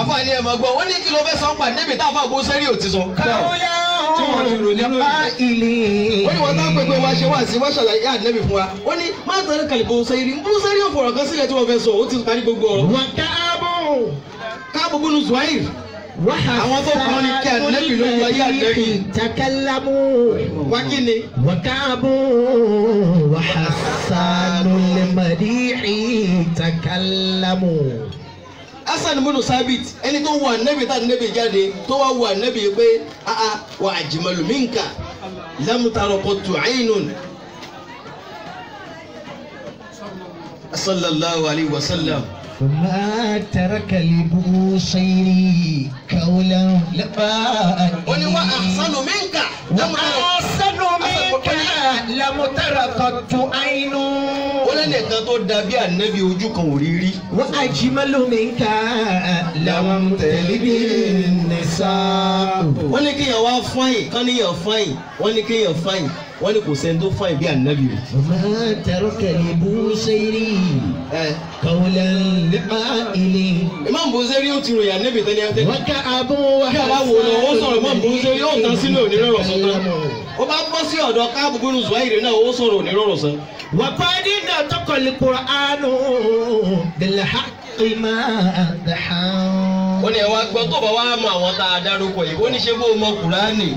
àfààní ẹ̀ máa gbọ́ wọ́n ní kí ló fẹ́ sọ pa níbi tá a fà gbó sẹ́rí òtí sọ. káwọ́yá tí wọ́n ti rò nínú ilé. ó ní wọ́n ṣe wá sí fún wa. ó ní má tẹ̀lé kàlìbó sẹ́rí bó sẹ́rí ò fọ̀rọ̀ kan sílẹ̀ tí wọ́n fẹ́ sọ ó ti parí gbogbo ọ̀rọ̀. wọ́n káàbọ̀. káàbọ̀ bínú zuwair. àwọn tó kàn ní kí àdínẹ́bì ló wọ ayé àdínẹ́bì. takalamu. wákìlì. wakaabo wahasanu lemadi'i takalamu hasan munu sabit ẹni tó wà nẹ́bi tá nẹ́bi jáde tó wà wà nẹ́bi pé aa wà àjìmọ̀lù minka lamutaro kotu ainun alayhi wa sallam. ما ترك لبوصيري قولا لبائي وما أحسن منك وما أحسن ká lamutarakatu àìnú. ó lẹ́lẹ̀ kan tó dàbí ànábì ojú kan ò rí rí. wọ́n àjìmọ́lò mi ká lamutẹ̀lẹ́bí nìṣá. wọ́n ní kéèyàn wá fáyìn kán níyàn fáyìn wọ́n ní kéèyàn fáyìn wọ́n ní kò sẹ́ni tó fáyìn bí ànábì rẹ̀. ọmọ tẹ̀rọ kẹ̀lé bú sẹ́yìrì kàwọlẹ̀ lẹ́pà ilé. imam buzeri ó ti ròyìn ànábì tẹ́lẹ̀ tẹ́lẹ̀. wọ́n ká abọ́ wa. kí aláwo lọ ó sọ̀rọ̀ imam buzeri ó tán sílẹ̀ òní ó bá bọ́ sí ọ̀dọ̀ káàbù gbónú zuwaire náà ó sọ̀rọ̀ onírọ̀rọ̀ sọ. wàkọ́dí náà tọkọ̀lì kuranu bẹ̀lẹ̀ ha ìmọ̀ àdàhà. ó ní ẹ̀wá gbọ́ tó bá wá mọ àwọn tá a dárúkọ yìí ó ní ṣe bó mọ kùránì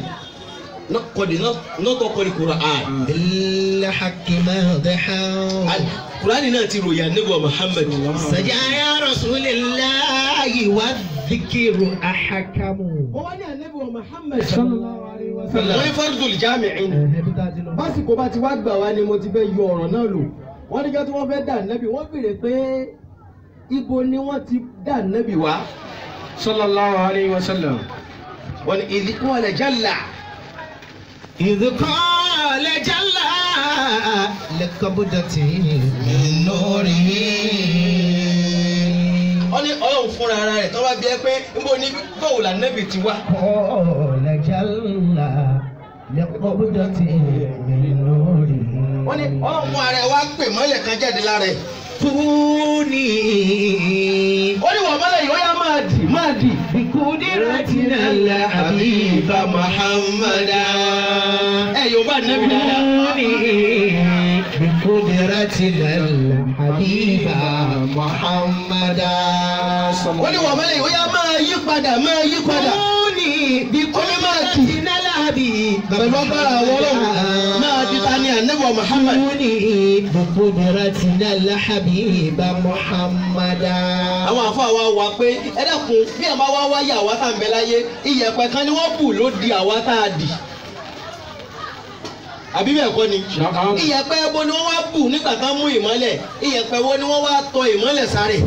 kọ́dí náà tọkọ̀lì kuranu. bẹ̀lẹ̀ ha ìmọ̀ àdàhà. kùránì náà ti ròyìn àníbọ̀ Muhammad. sàjà ya rasulillahi wa zikiru ahakamu. ó wá ní àníbọ̀ Muhammad. sallallahu alayhi wa sallam wọ́n fọ́ọ̀dù ìjáàmì ẹ̀yìn. básìkò bá ti wá gbà wá ni mo ti fẹ́ yọ ọ̀rọ̀ náà lò wọ́n níjọ́ tí wọ́n fẹ́ dà nẹ́bì wọ́n béèrè pé ibo ni wọ́n ti dà nẹ́bì wá. sallallahu alayhi wa sallam wọ́n ní idh qala jalla. idh qala wọ́n ní ọlọ́run fúnra rẹ̀ tọ́wọ́ bí ẹ pé níbo ni bọ́ọ̀lù ànẹ́bì ti wá jàlá yẹpọ̀ bójọ́ ti ẹ̀mí lórí. wọ́n ní ọmọ rẹ̀ wá pè mọ́lẹ̀ kan jáde lára ẹ̀. kúni. ó ní wọ́n mọ́lẹ̀ yìí ó yá máa dì máa dì. ìkúdí ratina la àbíbá Muhammada. ẹ yóò bá nẹ́bí dáadáa. kúni. ìkúdí ratina la àbíbá Muhammada. ó ní wọ́n mọ́lẹ̀ yìí yá máa yí padà máa yí padà bàbá wọ́rọ̀ máa di ta ni ànábì Muhammad. kúni bàkúndìrátìnà làhàbíbà Muhammada. àwọn àfọ àwa wà pé ẹ dẹ́kun bí àbá wá wáyà àwa tá à ń bẹ láyé iyẹ̀pẹ̀ kan ni wọ́n bù ló di àwa tá a dì àbí bẹ́ẹ̀ kọ́ ni. iyẹ̀pẹ̀ wo ni wọ́n wá bù nígbà tán mú ìmọ́lẹ̀ iyẹ̀pẹ̀ wo ni wọ́n wá tọ ìmọ́lẹ̀ sáré.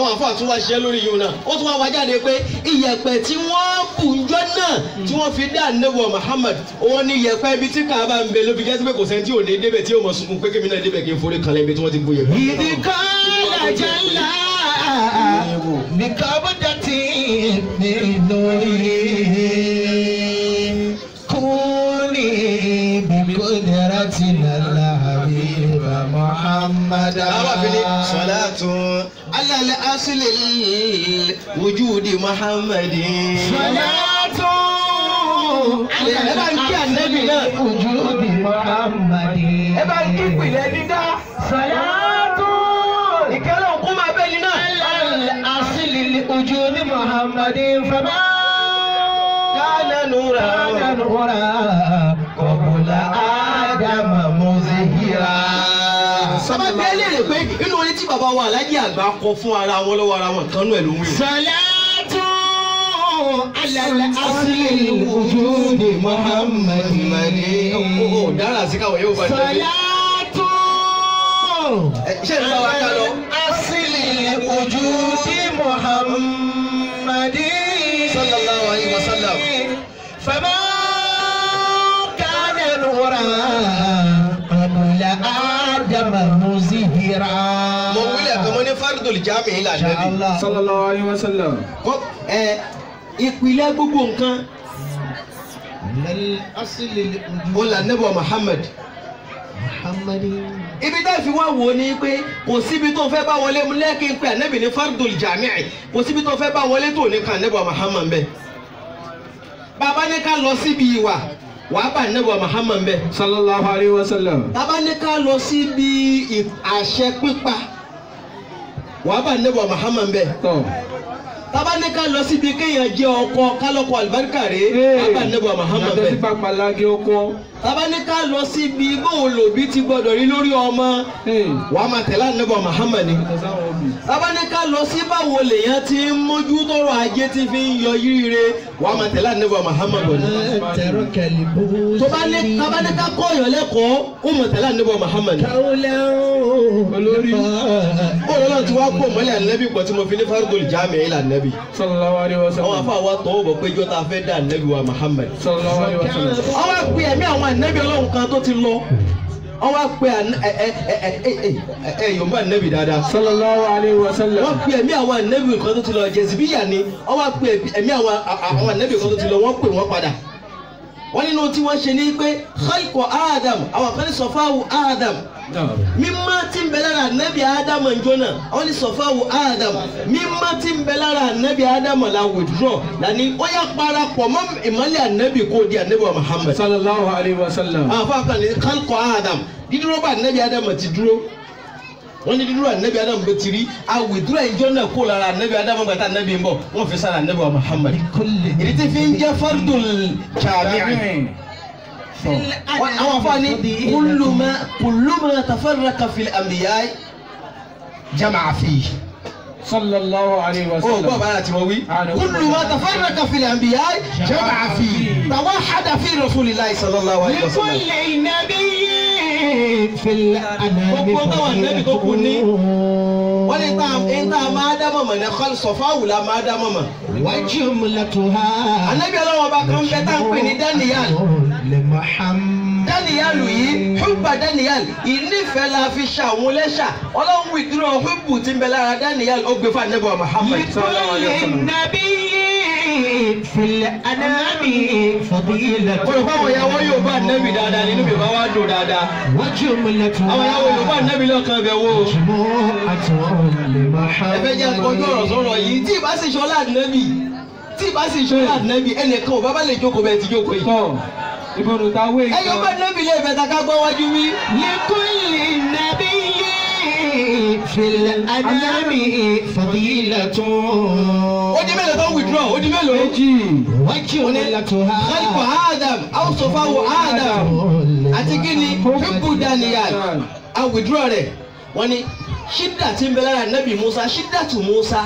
àwọn àǹfààní tún wá ṣiṣẹ́ lórí yìí náà ó tún wá wá jáde pé iyẹ̀pẹ̀ tí wọ́n bù ńjọ́ náà tí wọ́n fi dá ànẹ́wọ̀ Muhammad wọ́n ní iyẹ̀pẹ̀ ibi tí kàá bá ń bẹ ló jẹ́sí pé kò sẹ́ni tí ò ní débẹ̀ tí yóò mọ̀ sunkún pé kémi náà débẹ̀ kí n forí kan lẹ́bi tí wọ́n ti bu iyẹ̀pẹ̀. ìdíkọ́ làjẹ́ ńlá nìkan bó ti nàlá Habiba Muhammad. àwọn àfihàn sọlá tún. على الأصل الوجود محمد صلاة على النبي وجود محمد إبان كيف لدينا صلاة إكلام قوم بيننا على الأصل الوجود محمد فما كان نورا كان نورا قبل آه bá ẹ léèrè pé inú orin tí bàbá wa alájí àgbà kọ fún ara wọn lọ́wọ́ ara wọn kan ẹ̀ ló wí. sọlátù alẹ́ asílẹ̀ ojúde muhammed mani. o dára sí yóò bá jẹ́ bí. sọlátù. ṣé ìlú wa ká lọ. ahmadu jami ilà nẹbi. sallallahu alayhi wa sallam. ẹ ìpìlẹ̀ gbogbo nǹkan. o là nẹ́bọ̀ muhammad. ibi tá a fi wá wò ni pé kò síbi tó fẹ́ bá wọlé mu lẹ́kìn pé ànẹ́bì ní fardul jami'i kò síbi tó fẹ́ bá wọlé tó ní kan nẹ́bọ̀ muhammad bẹ́ẹ̀. bàbá ní ká lọ síbi ìwà wàá bá nẹ́bọ̀ muhammad bẹ́ẹ̀. sallallahu alayhi wa sallam. bàbá ní ká lọ síbi àṣẹ pípa wàá bá nẹ́bọ̀ Muhammad bẹ́ẹ̀ tabanika lọ síbi kéèyàn jẹ ọkọ kálọkọ alibarika rè abanẹbọ Muhammad bẹ tabanika lọ síbi bóòlòbí ti gbọ́dọ̀ rí lórí ọmọ wàá máa tẹ̀lé anẹbọ Muhammad ni tabanika lọ sí báwo lèèyàn ti ń mójú tọrọ ajé ti fi ń yọ yíire wàá máa tẹ̀lé anẹbọ Muhammad ni tabanika kọ́ ko ó máa tẹ̀lé anẹbọ Muhammad ni. olórí olórí tí wàá pò mọ́lẹ̀ ànábì pọ̀ tí mo fi ní fárúgòlì jáàmì ẹ̀ lànà anabi. sallallahu alayhi wa sallam. àwọn afa wa tọwọ́ bọ̀ pé jọ́ ta fẹ́ dá anabi wa muhammad. sallallahu alayhi wa sallam. ọwọ́ pe ẹ̀mí àwọn anabi ọlọ́run kan tó ti lọ wọ́n wá pe ẹ yorùbá ànábì dáadáa. sallallahu alayhi wa sallam. wọ́n pe ẹ̀mí àwọn ànábì kan tó ti lọ jẹ̀sibíyà ni wọ́n wá pe ẹ̀mí àwọn ànábì kan tó ti lọ wọ́n pè wọ́n padà wọ́n nínú tí wọ́n ṣe ní pé khalqu adam àwọn kan ní sọ̀fáwù adam mímọ́ tí ń bẹ lára ànábì ádámù ìjọ náà wọ́n ní sọ̀fà wò ádámù mímọ́ tí ń bẹ lára ànábì ádámù la withdraw lani ó yà parapọ̀ mọ́ ìmọ̀lẹ̀ ànábì kò di ànábì wa muhammad. sallallahu alayhi wa sallam. àfa kan ní kálkọ̀ ádámù dídúró bá ànábì ádámù ti dúró wọ́n ní dídúró ànábì ádámù bẹ ti rí àwìdúrà ìjọ náà kó lára ànábì ádámù gbàtà ànábì ń bọ̀ wọ́n fi sára ànábì wa muhammad. ìdí tí fi ń jẹ́ fardul kàmíìn àwọn afáàní kùlùmọ̀ tafarraka fil anbiya jama'a fi. sallallahu alayhi wa oh, sallam. o gbọ́ bàrà tí wọ́n wí. Ah, kùlùmọ̀ tafarraka fil anbiya jama'a fi. tawahhada fi rasulillahi sallallahu alayhi wa sallam. likulli nabiyyin fil anami. gbogbo táwọn nẹ́bí tó kù ní wọ́n ní tá n tá máa dá mọ̀mọ̀ ní kọ́lù sọ̀fọ́ àwùlà máa dá mọ̀mọ̀. wájú mi lẹ́tọ̀ọ́ ha. anábìyàn lọ́wọ́ bá kàn bẹ́ẹ̀ tá n pè ní daniel dáníyàlù yìí húbà dáníyàlù ìnífẹ̀ẹ́ la fi ṣe àwọn ẹlẹ́ṣà ọlọ́run wìdúró húbù tí ń bẹ lára dáníyàlù ó gbé fún àdébọ̀ Muhammad. ìkúlẹ̀ nàbí fìlẹ̀ anáàmì fọ̀bílẹ̀. olùkọ́ àwọn ìyàwó Yorùbá nẹ́bì dáadáa nínú bèbá wa dùn dáadáa. wájú mi lè àwọn ìyàwó Yorùbá nẹ́bì lọ́kàn bẹ̀ wò. jùmọ̀ àtúwọ̀n lè máa ṣá. ẹ fẹ́ jẹ́ ojú ọ̀rọ̀ yìí tí ì bá sì ṣọlá nẹ́bì tí ì bá sì ṣọlá nẹ́bì ẹnìkan ò bá bá lè jókòó bẹ́ẹ̀ ti jókòó yìí ìbòrò ta wé. ẹ yóò bá débi lè fẹ́ taka gbọ́ wájú mi. likunle nabi yìí fìlẹ̀ adámi fàdílà tún. ó di mélòó tó withdraw ó di mélòó. méjì wájú ni kálíkù adam awùsọ̀fáwù adam àti gíní pípù daniel awùdúrọ̀ rẹ̀ wọ́n ní ṣídà tí ń bẹ lára nẹ́bí musa ṣídà tù musa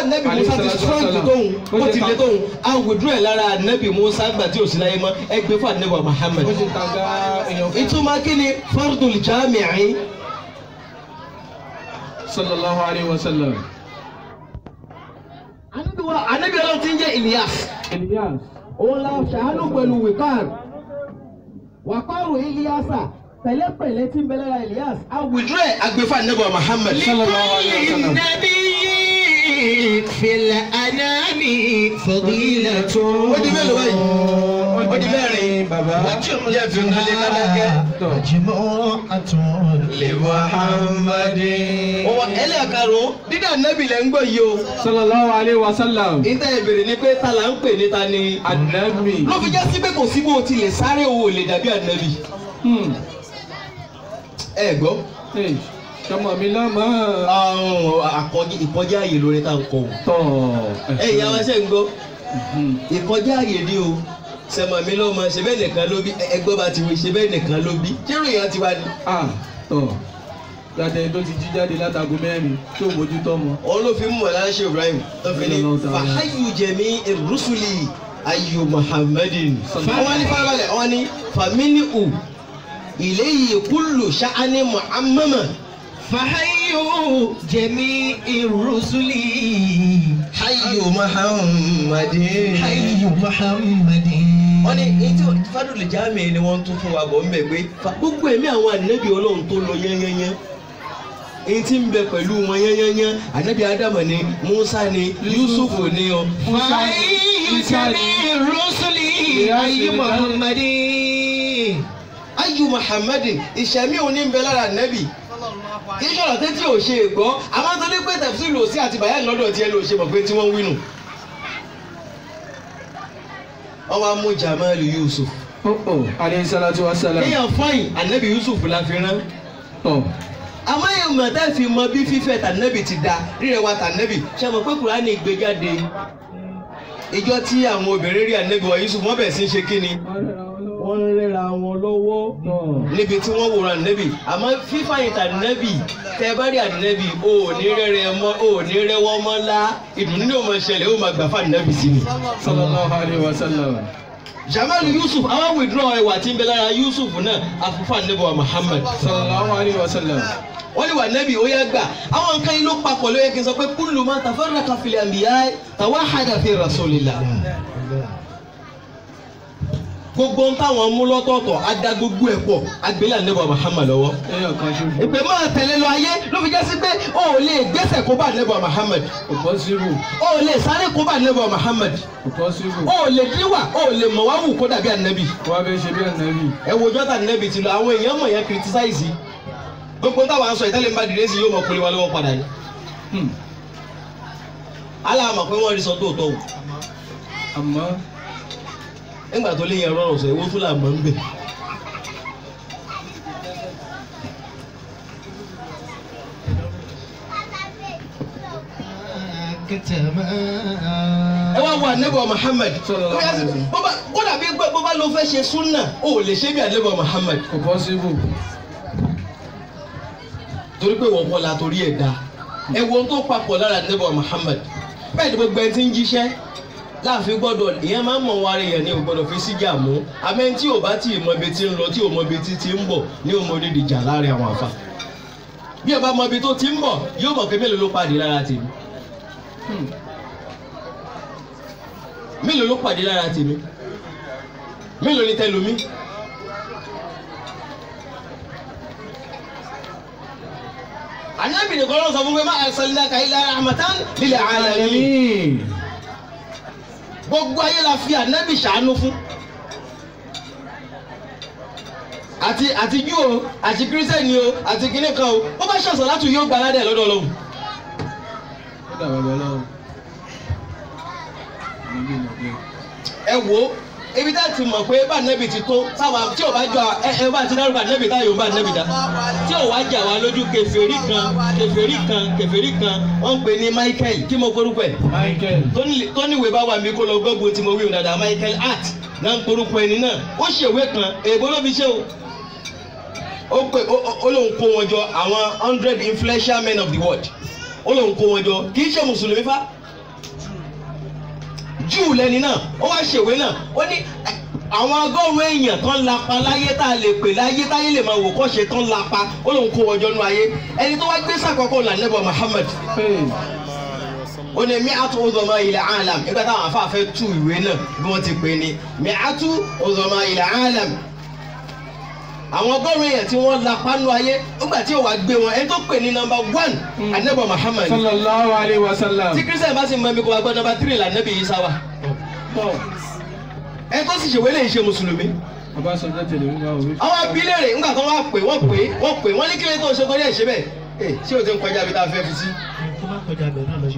nẹ́bí musa ti strong tóun bó ti lé tóun a withdraw lára nẹ́bí musa gbà tí o sì láyé mọ́ ẹ gbé fún àdínẹ́bà Muhammad. ìtumọ̀ kí ni fardul jami'i. sallallahu alayhi wa sallam. anabiwa anabi ọlọ́run ti ń jẹ́ Ilyas. Ilyas. òun la ṣàánú pẹ̀lú wíkàn wàkọ́rù Ilyasa pẹ̀lẹ́pẹ̀lẹ́ tí ń bẹ lára Ilyas. a withdraw àgbẹ̀fà nẹ́bà Muhammad. sallallahu alayhi wa sallam. في الأنام فضيلة ودي مélòó báyìí ودي mẹ́rin bàbá jẹ́ fi nílé ládàkẹ́. مجموعة لمحمد. ọwọ́ ẹlẹ́ẹ̀karùn-ún dídá nẹ́bì lẹ́ ń gbọ́ yìí o. sallallahu alaihi wasallam. níta ìbéèrè ni pé ta là ń pè níta ni. ànábì. ló fi jẹ́ sí pé kò sí bó o ò lè dàbí ànábì. Hmm. ẹ sọmọ mi lọ́mọ. àkọjí ìkọjá ààyè lórí tá à ń kọ o. tọ́ ẹ ìyá wa ṣe ń gbọ́ ìkọjá ààyè ni o sẹmọ mi lọ́mọ ṣe bẹ́ẹ̀ nìkan ló bí ẹgbọ́n bá ti wí ṣe bẹ́ẹ̀ nìkan ló bí jíròyìn yẹn ti wá ni. tọ́ tó ti jí látago mẹ́rin tó mójútó mọ. òun ló fi Ibrahim tó fi ní fàáyù jẹ̀mí rusuli ayyu Muhammadin. wọ́n ní farabalẹ̀ wọ́n ní famili u ilé yìí kúlù ṣáání muhammama فحيوا جميع الرسل حيوا محمد حيوا محمد wọ́n ní ètò fádùlì jáàmì ni wọ́n tún fún wa bọ̀ ń bẹ̀ gbé gbogbo ẹ̀mí àwọn ànábì ọlọ́run tó lọ yẹ́nyẹ́nyẹ́ èyí tí ń bẹ pẹ̀lú wọn yẹ́nyẹ́nyẹ́ ànábì ádámù ni musa ni yusuf ni ọ. fàáyì sani rusuli ayé muhammadi ayé muhammadi ìṣẹ̀mí òní ń bẹ lára ànábì kì í sọ̀rọ̀ tẹ́tí ò ṣe gbọ́ àwọn tó ní pé tẹ̀sí lò sí àti bàyá lọ́dọ̀ tiẹ̀ ló ṣe mọ̀ pé tí wọ́n wínú. ọwọ́ amú Jamal Yusuf. Oh, oh, aleyhi salatu wa salam. èèyàn fọyín anabi Yusuf la fi rán. Oh. àmọ́ èèyàn mọ̀tẹ́ fi mọ bí fífẹ́ tànẹ́bì ti da rírẹ̀ wa tànẹ́bì ṣe mọ̀ pé Kùránì ìgbéjáde ìjọ tí àwọn obìnrin rí ànẹ́bì wa Yusuf wọ́n bẹ̀ sí ṣe kí ni wọ́n ń rẹ́ra wọn lọ́wọ́. Hmm. níbi tí wọ́n wòran nẹ́bì àmọ́ fífa ìta nẹ́bì tẹ bá rí ànẹ́bì ò ní rẹ́rẹ́ mọ́ ò ní rẹ́wọ́ mọ́ lá ìdùnnú ni ó máa ṣẹlẹ̀ ó máa gbà fún sí mi. jamal yusuf àwọn withdraw ẹwà tí ń bẹ lára yusuf náà àfúfà nebo muhammad. wa sallam. wọ́n lè wà nẹ́bí ó yá gbà àwọn nǹkan yìí ló papọ̀ ló yẹ kí n sọ pé kullu ma tafarraqa fil anbiya tawahhada fi gbogbo ń táwọn mú lọ́tọ̀ọ̀tọ̀ ada gbogbo ẹ̀ pọ̀ agbélé ànẹ́bà Muhammad lọ́wọ́. ìpè máa tẹ̀lé lọ ayé ló fi jẹ́ sí pé o ò lè gbẹ́sẹ̀ kó bá ànẹ́bà Muhammad. kò bọ́ sírù. o ò lè sáré kó bá ànẹ́bà Muhammad. kò bọ́ sírù. o ò lè díwà o ò lè mọ̀ wá wù kó dàbí ànẹ́bì. wá bẹ́ẹ̀ ṣe bí ànẹ́bì. ẹ wo jọ́tà ànẹ́bì ti lọ àwọn èèyàn mọ̀ yẹn kìrìtísáìsì gbogbo táwọn aṣọ ìtẹ́lẹ̀ ń bá dìde sí yóò mọ̀ pé wọ́n lọ́wọ́ padà ni. Hmm. aláàmọ̀ pé wọ́n rí sọ tóòtọ́ wò. àmọ́ nígbà tó lè yẹn rọrùn sọ èwo tún là mọ́ ń bẹ̀. ẹ wá wo anabiwa Muhammad kódà bí gbẹ bọba ló fẹ́ ṣe súnà ó lè ṣe bí anabiwa Muhammad. kò possible. torí pé wọ́n kọ́ la torí ẹ̀ dá ẹ wo tó papọ̀ lára anabiwa Muhammad bẹ́ẹ̀ ni gbogbo ẹ ti ń jíṣẹ́ láàfin gbọ́dọ̀ ìyẹn máa ń mọ̀ wá rẹ̀ yẹn ni ò gbọ́dọ̀ fi síjà mú amẹ́ni tí ò bá tí ì mọ ibi tí ń lọ tí ò mọ ibi tí ti ń bọ̀ ní o mọ odidi ìjà láàrin àwọn àfa bí ẹ bá mọ ibi tó ti ń bọ̀ yóò mọ̀ pé mélòó ló pàdé lára tèmi hmm. mélòó ló pàdé lára tèmi mélòó ni tẹlomi. ànábì nìkan ló sọ fún pé má àṣàlẹ̀ kàí lára àmàtán lílẹ̀ àlàyé gbogbo ayé la fi ànábì ṣàánú fún àti àti jù o àti kírísẹ́nì o àti kíní kan o ó bá ṣàṣà látù yóò gba aládé lọ́dọ̀ lọ́wọ́. ẹ wo ibi tá a ti mọ̀ pé bá nẹ́bì ti tó táwa tí ò bá jọ ẹ ẹ bá ti dárúkọ nẹ́bì táyò ń bá nẹ́bì dá tí ò wá jà wá lójú kèfèrí kan kèfèrí kan kèfèrí kan wọ́n ń pè ní Michael kí mo forúkọ ẹ̀. Michael tóníwèé bá wà mí kó lọ gbọ́gbó tí mo wí òun dáadáa Michael Hart náà ń porúkọ ẹni náà ó ṣèwé kan èèbó ló fi ṣe o ó pè ó lóun kó wọn jọ àwọn hundred influential men of the world ó lóun kó wọn jọ kì í ṣe mùsùlùmí fá júù lẹni náà ó wá ṣèwé náà ó ní àwọn agọ́rùn èèyàn tán lapa láyé tá a lè pè láyé táyé lè máa wò kọ́ ṣe tán lapa ó lóun kó wọjọ́ nú ayé ẹni tó wá gbé sàkọ́kọ́ là nẹ́bọ̀ Muhammad ó ní miatu ozoma ilẹ̀ alam nígbà táwọn afáfẹ́ tú ìwé náà bí wọ́n ti pè ní miatu ọzọmọ ilẹ̀ alam àwọn ọgọ́rùn èèyàn tí wọ́n la pánú ayé nígbà tí òwà gbé wọn ẹni tó pè ní nọ́mbà one anabi hmm. muhammad. sallallahu alayhi wa sallam. tí kristian bá sì mọ ẹbí kó wa gbọ́ nọ́mbà three la anabi isa wa. Hmm. ẹni tó sì ṣèwé lè ṣe mùsùlùmí. ọbaṣọjọ tẹ́lẹ̀ ń wá òwe. àwọn abilé nígbà kan wá pè wọ́n pè wọ́n pè wọ́n ní kílẹ̀ tó ń ṣe kọ́lé ẹ̀ ṣe bẹ́ẹ̀ eh, ṣé o ti ń kọjá bí tá a fẹ́ fi sí. tó kọjá bẹ̀rẹ̀ náà lọ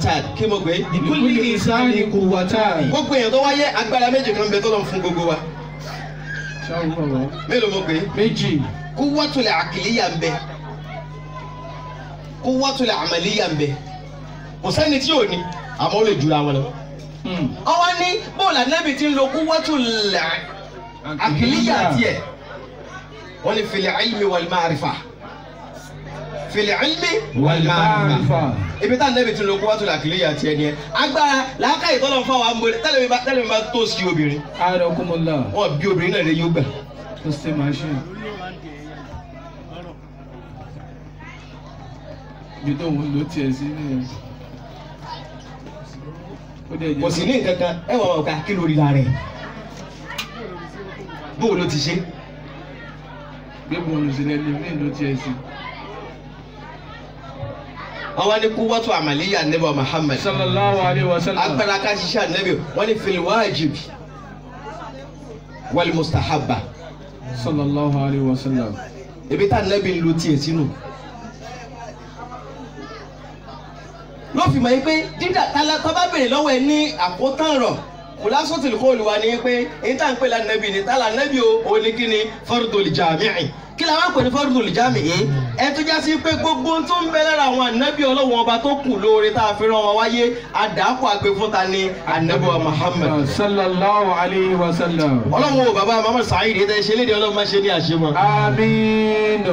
kuwata kí mo gbé. ìkúlì ìsáni kuwata. gbogbo èèyàn tó wáyé agbára méjì kan bẹ tó lọ fún gbogbo wa. mélòó mo gbé. méjì. kuwatulẹ̀ àkìlíyà ń bẹ kuwatulẹ̀ àmàlíyà ń bẹ kò sẹ́ni tí ò ní àmọ́ ó lè jura wọn lọ. ọwọ́ hmm. ní bóòlù ànábì ti ń lo kuwatulẹ̀ àkìlíyà tiẹ̀ wọ́n ní fil ilmi wal fa fìlẹ̀ ilmi wàlmàrìfà ibi tá nẹ́bi tún lo kó wá tún làkìlì yà tiẹ̀ ni ẹ agbára làákà ìtọ́lọ̀ fún àwọn amúlẹ̀ tẹ́lẹ̀ mi bá tẹ́lẹ̀ mi bá tó sí obìnrin. ayọ̀dọ̀ kúmọ̀lá. wọn bí obìnrin náà lè yóò gbà. ó ṣe máa ṣe. ibi tó ń lo tiẹ̀ sí ni kò sí ní nǹkan kan ẹ wọ ọ̀ka kí ló rí bó o ló ti ṣe. gbé bọ́ọ̀lù sílẹ̀ ní ìlú tiẹ̀ sí i àwọn ni kú wọ́tò àmàlíyà nẹ́bà Muhammad sallallahu alayhi wa sallam agbára ká ṣiṣẹ́ ànẹ́bì wọ́n ní fil wajib wal mustahabba sallallahu alayhi wa sallam ibi tá ànẹ́bì ń lu tiẹ̀ sínú. ló fi mọ̀ yín pé dídà tala tó bá béèrè lọ́wọ́ ẹ ní àkótán rọ̀ kùlásùtìlì kóòlù wa ni pé èyí tá à ń pè lánàbì ni tálà ànẹ́bì o ò ní kí ni fardul jami'i kí làwọn àpè ní fardul jami'i ẹni tó já sí pé gbogbo tó ń bẹ lára àwọn ànábì ọlọ́wọ́n ọba tó kù lóore tá a fi rán wọn wáyé àdàkọ àgbè fún ta ni ànábì wa sallallahu alayhi wa sallam. ọlọ́wọ́n ò bàbá Muhammad Saheed ẹ̀ tẹ́ ṣe léde ọlọ́wọ́n máa ṣe ní àṣemọ. àmín.